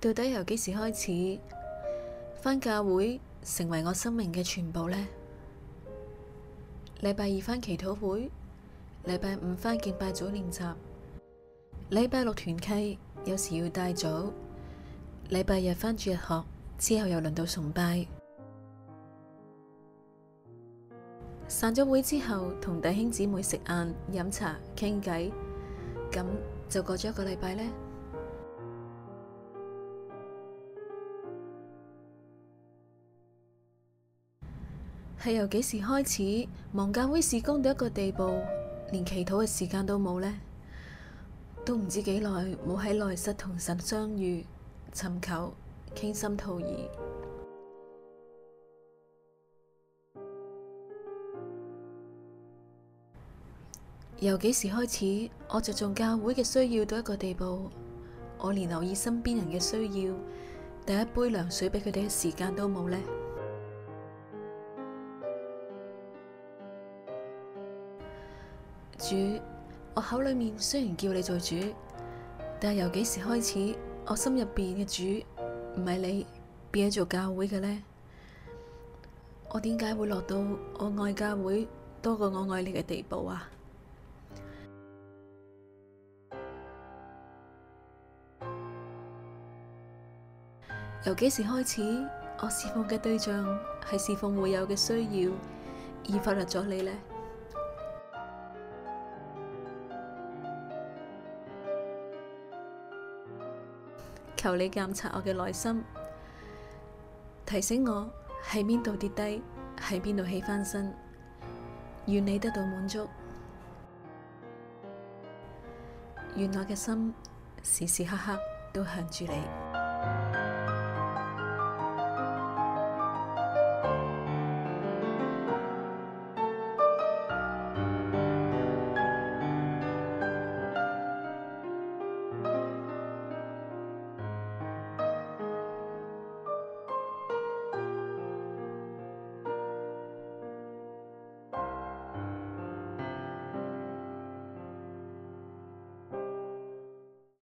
到底由幾時開始，返教會成為我生命嘅全部呢？禮拜二返祈禱會，禮拜五返敬拜組練習，禮拜六團契，有時要帶組，禮拜日返主日學，之後又輪到崇拜。散咗會之後，同弟兄姊妹食晏、飲茶、傾偈，咁就過咗一個禮拜呢。係由幾時開始，忙教會事工到一個地步，連祈禱嘅時間都冇呢？都唔知幾耐冇喺內室同神相遇、尋求、傾心吐意。由幾時開始，我着重教會嘅需要到一個地步，我連留意身邊人嘅需要、遞一杯涼水俾佢哋嘅時間都冇呢。主，我口裏面雖然叫你做主，但係由幾時開始，我心入邊嘅主唔係你，變咗做教會嘅呢？我點解會落到我愛教會多過我愛你嘅地步啊？由幾時開始，我侍奉嘅對象係侍奉會有嘅需要，而忽略咗你呢？求你監察我嘅內心，提醒我喺邊度跌低，喺邊度起翻身，願你得到滿足，願我嘅心時時刻刻都向住你。